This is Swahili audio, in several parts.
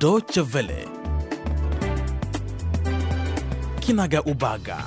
Deutsche Welle, kinaga ubaga.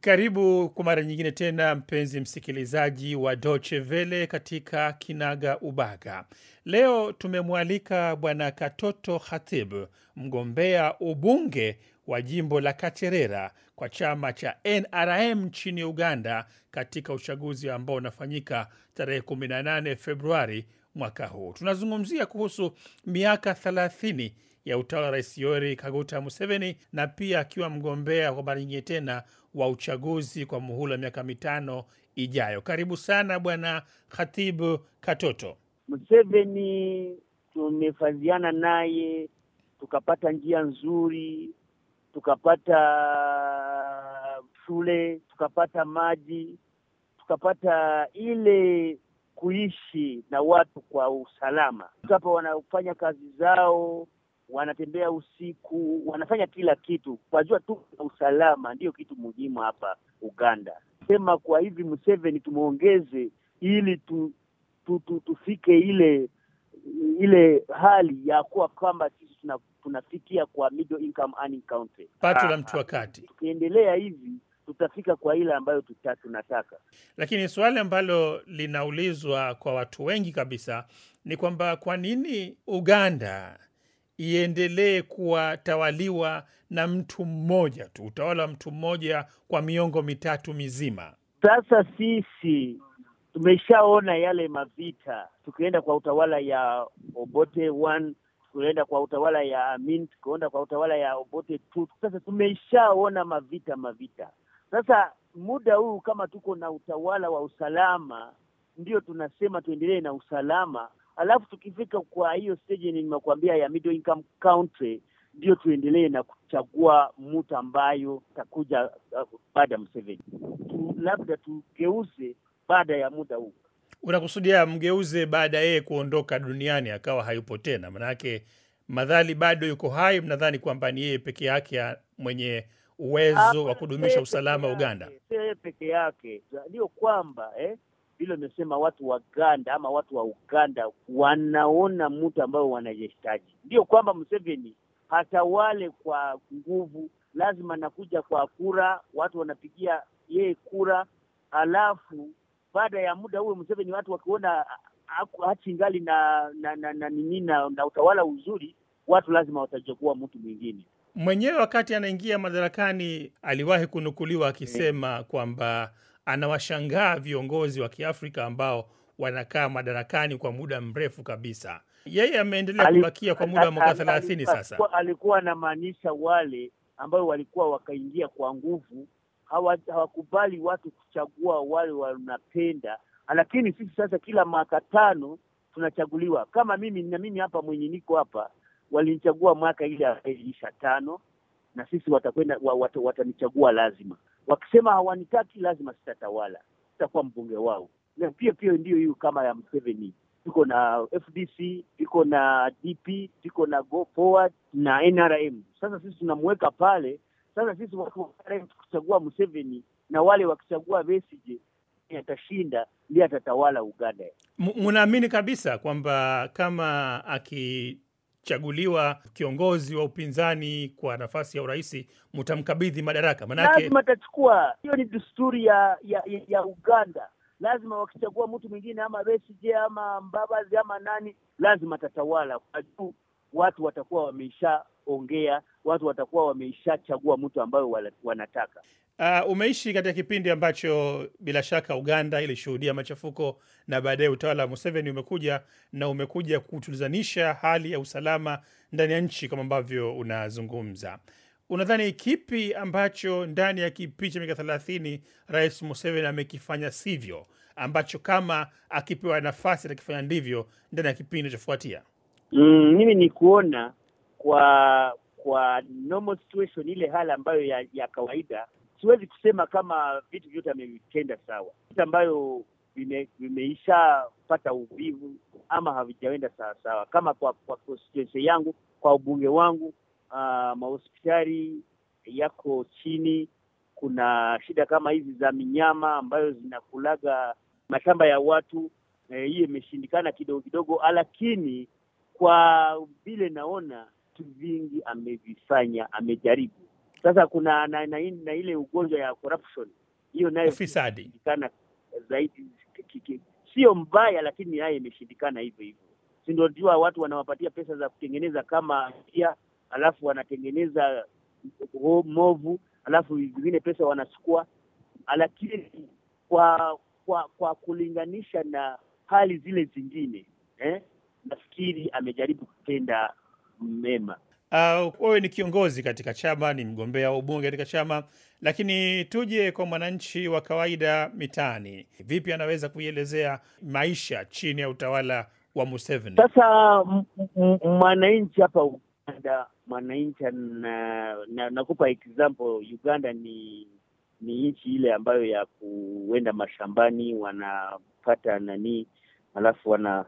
Karibu kwa mara nyingine tena, mpenzi msikilizaji wa Deutsche Welle katika kinaga ubaga. Leo tumemwalika Bwana Katoto Khatib, mgombea ubunge wa jimbo la Kacherera kwa chama cha NRM nchini Uganda katika uchaguzi ambao unafanyika tarehe 18 Februari mwaka huu. Tunazungumzia kuhusu miaka thelathini ya utawala wa Rais Yoweri Kaguta Museveni, na pia akiwa mgombea kwa mara nyingine tena wa uchaguzi kwa muhula wa miaka mitano ijayo. Karibu sana Bwana Khatibu Katoto. Museveni tumefadhiana naye tukapata njia nzuri, tukapata shule, tukapata maji, tukapata ile kuishi na watu kwa usalama. Hapa wanafanya kazi zao, wanatembea usiku, wanafanya kila kitu kwajua tu na usalama, ndiyo kitu muhimu hapa Uganda. Sema kwa hivi Museveni tumwongeze ili tu, tu, tu, tufike ile ile hali ya kuwa kwamba sisi tunafikia kwa middle income earning country, pato la ah, mtu wa kati. Tukiendelea hivi tutafika kwa ile ambayo tuta, tunataka. Lakini swali ambalo linaulizwa kwa watu wengi kabisa ni kwamba kwa nini Uganda iendelee kuwatawaliwa na mtu mmoja tu, utawala wa mtu mmoja kwa miongo mitatu mizima. Sasa sisi tumeshaona yale mavita, tukienda kwa utawala ya Obote one, tukienda kwa utawala ya Amin, tukienda kwa utawala ya Obote two. Sasa tumeshaona mavita mavita sasa muda huu kama tuko na utawala wa usalama, ndio tunasema tuendelee na usalama, alafu tukifika kwa hiyo stage nimekuambia ya middle income country, ndio tuendelee na kuchagua mtu ambayo takuja uh, baada ya Museveni tu, labda tugeuze baada ya muda huu. Unakusudia mgeuze baada yeye kuondoka duniani akawa hayupo tena? manake madhali bado yuko hai, mnadhani kwamba ni yeye peke yake mwenye uwezo wa kudumisha usalama Uganda. Yeye peke yake ndio kwamba eh, vile imesema watu wa Uganda ama watu wa Uganda wanaona mtu ambao wanajeshtaji, ndio kwamba Museveni hatawale kwa nguvu, lazima nakuja kwa kura, watu wanapigia yeye kura, alafu baada ya muda huo Museveni watu wakiona ngali na na na, na, na, na, na utawala uzuri, watu lazima watachagua mtu mwingine mwenyewe wakati anaingia madarakani aliwahi kunukuliwa akisema kwamba anawashangaa viongozi wa Kiafrika ambao wanakaa madarakani kwa muda mrefu kabisa. Yeye ameendelea kubakia kwa muda wa mwaka thelathini sasa. Alikuwa anamaanisha wale ambao walikuwa wakaingia kwa nguvu, hawakubali hawa watu kuchagua wale wanapenda, lakini sisi sasa kila mwaka tano tunachaguliwa. Kama mimi na mimi hapa mwenye niko hapa walinichagua mwaka ile isha tano na sisi watakwenda wata, wata lazima. Wakisema hawanitaki lazima sitatawala, sitakuwa mbunge wao. Na pia pia ndiyo hiyo kama ya mseveni tuko na FDC, tuko na DP, tuko na Go Forward na NRM. Sasa sisi tunamweka pale. Sasa sisi watu tukichagua Museveni na wale wakichagua besije atashinda ndiye atatawala Uganda. Munaamini kabisa kwamba kama aki chaguliwa kiongozi wa upinzani kwa nafasi ya urais mtamkabidhi madaraka? Manake lazima atachukua. Hiyo ni desturi ya, ya, ya Uganda. Lazima wakichagua mtu mwingine ama besije ama Mbabazi ama nani, lazima atatawala kwa juu watu watakuwa wameisha ongea, watu watakuwa wameishachagua mtu ambayo wanataka. Uh, umeishi katika kipindi ambacho bila shaka Uganda ilishuhudia machafuko na baadaye utawala wa Museveni umekuja na umekuja kutulizanisha hali ya usalama ndani ya nchi kama ambavyo unazungumza. Unadhani kipi ambacho ndani ya kipindi cha miaka thelathini Rais Museveni amekifanya sivyo, ambacho kama akipewa nafasi atakifanya ndivyo ndani ya kipindi inachofuatia? Mm, mimi ni kuona kwa kwa normal situation, ile hali ambayo ya, ya kawaida, siwezi kusema kama vitu vyote amevitenda sawa, vitu ambayo vimeishapata uvivu ama havijaenda sawasawa sawa. Kama kwa kwa constituency yangu, kwa ubunge wangu, uh, mahospitali yako chini. Kuna shida kama hizi za minyama ambayo zinakulaga mashamba ya watu eh, hiyo, eh, imeshindikana kidogo kidogo, lakini kwa vile naona vitu vingi amevifanya, amejaribu. Sasa kuna na, na, na ile ugonjwa ya corruption hiyo nayo imeshindikana zaidi, sio mbaya, lakini naye imeshindikana hivyo hivyo, si ndio? Jua watu wanawapatia pesa za kutengeneza kama pia, alafu wanatengeneza movu, alafu vingine pesa wanachukua, lakini kwa kwa kwa kulinganisha na hali zile zingine eh, nafikiri amejaribu kutenda mema. Ah, wewe ni kiongozi katika chama, ni mgombea wa ubunge katika chama, lakini tuje kwa mwananchi wa kawaida mitaani, vipi anaweza kuielezea maisha chini ya utawala wa Museveni? Sasa mwananchi hapa Uganda, mwananchi nakupa na, na example Uganda ni ni nchi ile ambayo ya kuenda mashambani wanapata nani, alafu wana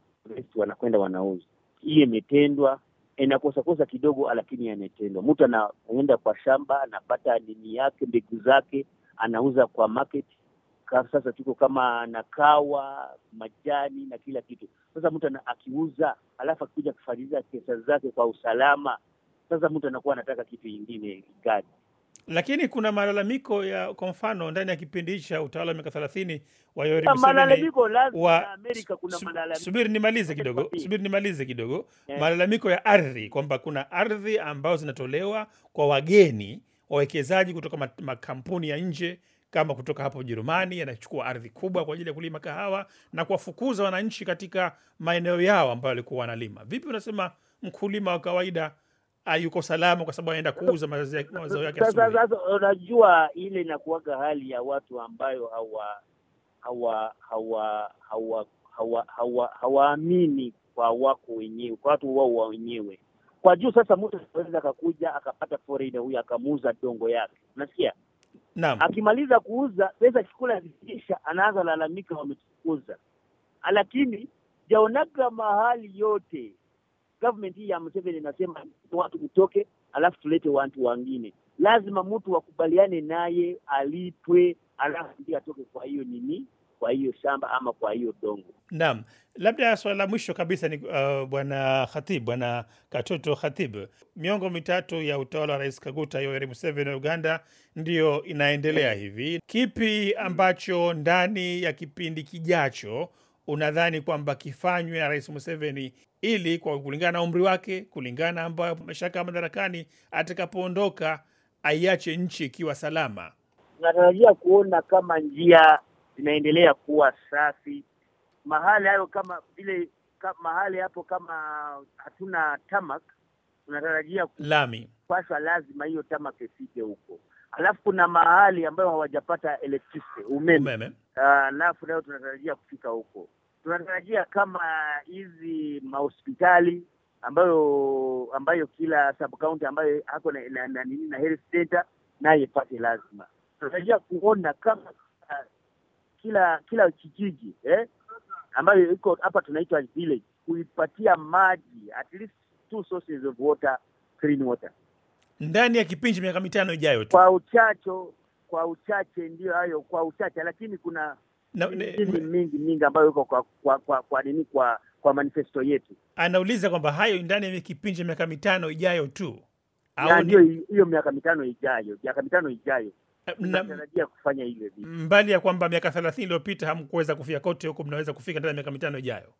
wanakwenda wanauza. Hiyo imetendwa inakosakosa kidogo, lakini yanatendwa. Mtu anaenda kwa shamba anapata nini yake mbegu zake anauza kwa market. Sasa tuko kama na kawa, majani na kila kitu. Sasa mtu akiuza alafu akikuja kufuatilia pesa zake kwa usalama, sasa mtu anakuwa anataka kitu ingine gani? Lakini kuna malalamiko ya kwa mfano ndani ya kipindi hichi cha utawala wa miaka thelathini wa Yoweri ah, Museveni wa... subiri nimalize kidogo, subiri nimalize kidogo yeah. Malalamiko ya ardhi kwamba kuna ardhi ambazo zinatolewa kwa wageni wawekezaji kutoka makampuni ya nje kama kutoka hapo Ujerumani yanachukua ardhi kubwa kwa ajili ya kulima kahawa na kuwafukuza wananchi katika maeneo yao ambayo walikuwa wanalima. Vipi unasema mkulima wa kawaida Ah, yuko salama kwa sababu anaenda kuuza mazao yake. Sasa unajua, ile inakuwaga hali ya watu ambayo hawa hawa hawa hawa hawa hawaamini kwa wako wenyewe, kwa watu wao wenyewe kwa juu. Sasa mtu anaweza akakuja akapata foreigner huyu akamuuza dongo yake, unasikia? Naam. Akimaliza kuuza pesa chakula zikiisha, anaanza lalamika wametukuza, lakini jaonaga mahali yote government hii ya Museveni inasema watu utoke, alafu tulete watu wengine. Lazima mtu wakubaliane naye, alipwe, alafu ndio atoke. Kwa hiyo nini kwa hiyo shamba ama kwa hiyo dongo. Naam, labda swala la mwisho kabisa ni uh, bwana Khatib, bwana Katoto Khatib, miongo mitatu ya utawala wa Rais Kaguta Yoweri Museveni wa Uganda ndiyo inaendelea hivi. Kipi ambacho ndani ya kipindi kijacho unadhani kwamba kifanywe na Rais Museveni ili kwa kulingana na umri wake, kulingana ambayo mashaka madarakani, atakapoondoka aiache nchi ikiwa salama. Natarajia kuona kama njia zinaendelea kuwa safi mahali hayo, kama vile mahali hapo, kama hatuna tamak, tunatarajia lami pasha, lazima hiyo tamak ifike huko. Alafu kuna mahali ambayo hawajapata electricity, umeme, ah, alafu nayo tunatarajia kufika huko tunatarajia kama hizi mahospitali ambayo ambayo kila sub county ambayo hako na na, na, na health center naye pate lazima. Tunatarajia kuona kama uh, kila kila kijiji eh, ambayo iko hapa tunaitwa village kuipatia maji at least two sources of water, clean water ndani ya kipindi miaka mitano ijayo Kwa uchacho kwa uchache ndio hayo, kwa uchache, lakini kuna misingi mingi mingi ambayo iko kwa kwa kwa, kwa nini kwa kwa manifesto yetu. Anauliza kwamba hayo ndani ya kipindi cha miaka mitano ijayo tu, au ndio hiyo miaka mitano ijayo, miaka mitano ijayo eh, tunatarajia kufanya ile vitu, mbali ya kwamba miaka thelathini iliyopita hamkuweza kufia kote huko, mnaweza kufika ndani ya miaka mitano ijayo,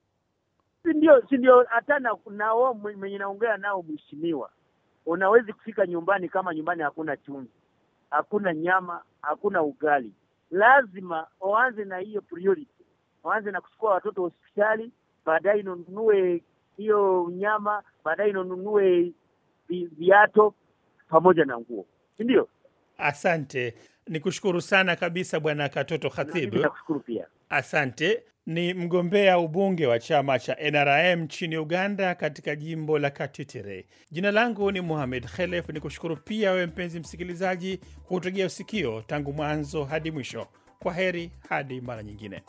si ndio? Si ndio? Hata nao mwenye naongea nao, mheshimiwa, unawezi kufika nyumbani kama nyumbani hakuna chumvi, hakuna nyama, hakuna ugali lazima waanze na hiyo priority, waanze na kuchukua watoto hospitali, baadaye inunue hiyo nyama, baadaye inunue viato pamoja na nguo, si ndio? Asante, nikushukuru sana kabisa Bwana Katoto Khatibu. Nakushukuru pia. Asante ni mgombea ubunge wa chama cha NRM nchini Uganda katika jimbo la Katitere. Jina langu ni muhamed Khelef, ni kushukuru pia wewe mpenzi msikilizaji kuhutegea usikio tangu mwanzo hadi mwisho. Kwa heri hadi mara nyingine.